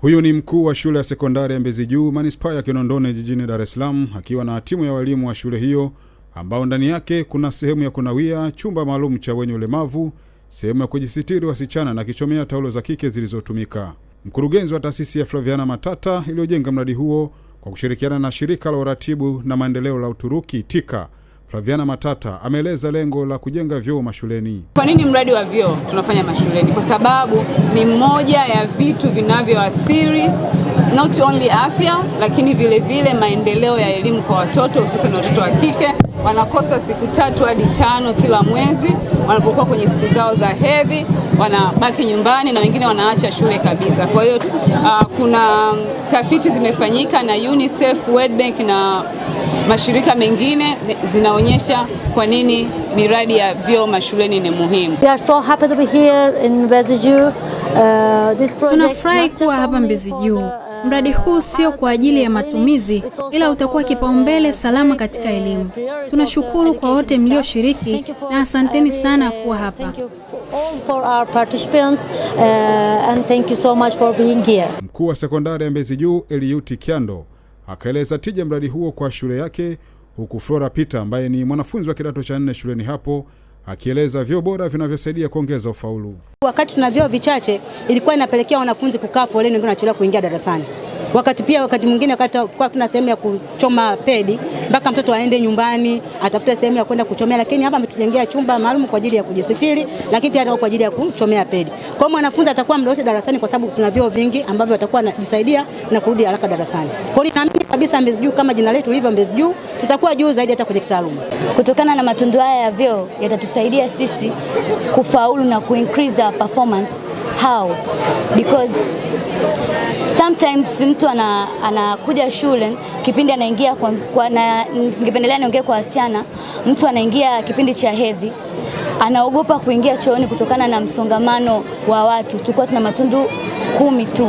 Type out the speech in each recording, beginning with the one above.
Huyu ni mkuu wa shule ya sekondari ya Mbezi Juu manispaa ya Kinondoni jijini Dar es Salaam akiwa na timu ya walimu wa shule hiyo ambao ndani yake kuna sehemu ya kunawia, chumba maalum cha wenye ulemavu, sehemu ya kujisitiri wasichana na kichomea taulo za kike zilizotumika. Mkurugenzi wa taasisi ya Flaviana Matata iliyojenga mradi huo kwa kushirikiana na shirika la uratibu na maendeleo la Uturuki TIKA Flaviana Matata ameeleza lengo la kujenga vyoo mashuleni. Kwa nini mradi wa vyoo tunafanya mashuleni? Kwa sababu ni moja ya vitu vinavyoathiri not only afya lakini vilevile vile maendeleo ya elimu kwa watoto hususan watoto wa kike. Wanakosa siku tatu hadi tano kila mwezi wanapokuwa kwenye siku zao za hedhi, wanabaki nyumbani na wengine wanaacha shule kabisa. Kwa hiyo uh, kuna tafiti zimefanyika na UNICEF, World Bank na mashirika mengine zinaonyesha kwa nini miradi ya vyoo mashuleni ni muhimu. So uh, tunafurahi kuwa hapa Mbezi Juu. Uh, Mradi huu sio kwa ajili ya matumizi, ila utakuwa kipaumbele salama katika elimu. Tunashukuru kwa wote mlioshiriki na asanteni sana kuwa hapa. Uh, Mkuu wa sekondari ya Mbezi Juu Eliuti Kyando akaeleza tija mradi huo kwa shule yake, huku Flora Peter ambaye ni mwanafunzi wa kidato cha nne shuleni hapo akieleza vyoo bora vinavyosaidia kuongeza ufaulu. Wakati tuna vyoo vichache, ilikuwa inapelekea wanafunzi kukaa foleni, wengine wanachelewa kuingia darasani. Wakati pia wakati mwingine wakati kwa tuna sehemu ya kuchoma pedi mpaka mtoto aende nyumbani atafute sehemu ya kwenda kuchomea, lakini hapa ametujengea chumba maalum kwa ajili ya kujisitiri, lakini pia kwa ajili ya kuchomea pedi. Kwa mwanafunzi atakuwa muda wote darasani, kwa sababu tuna vyoo vingi ambavyo atakuwa anajisaidia na kurudi haraka darasani. Kwa hiyo ninaamini kabisa Mbezi Juu kama jina letu lilivyo Mbezi Juu, tutakuwa juu zaidi hata kwenye kitaaluma. Kutokana na matundu haya ya vyeo yatatusaidia sisi kufaulu na kuincrease our performance how because sometimes mtu anakuja ana shule kipindi anaingia kwa, kwa na, ningependelea niongee kwa wasichana, mtu anaingia kipindi cha hedhi anaogopa kuingia chooni kutokana na msongamano wa watu. Tulikuwa tuna matundu kumi tu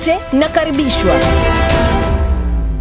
Asante na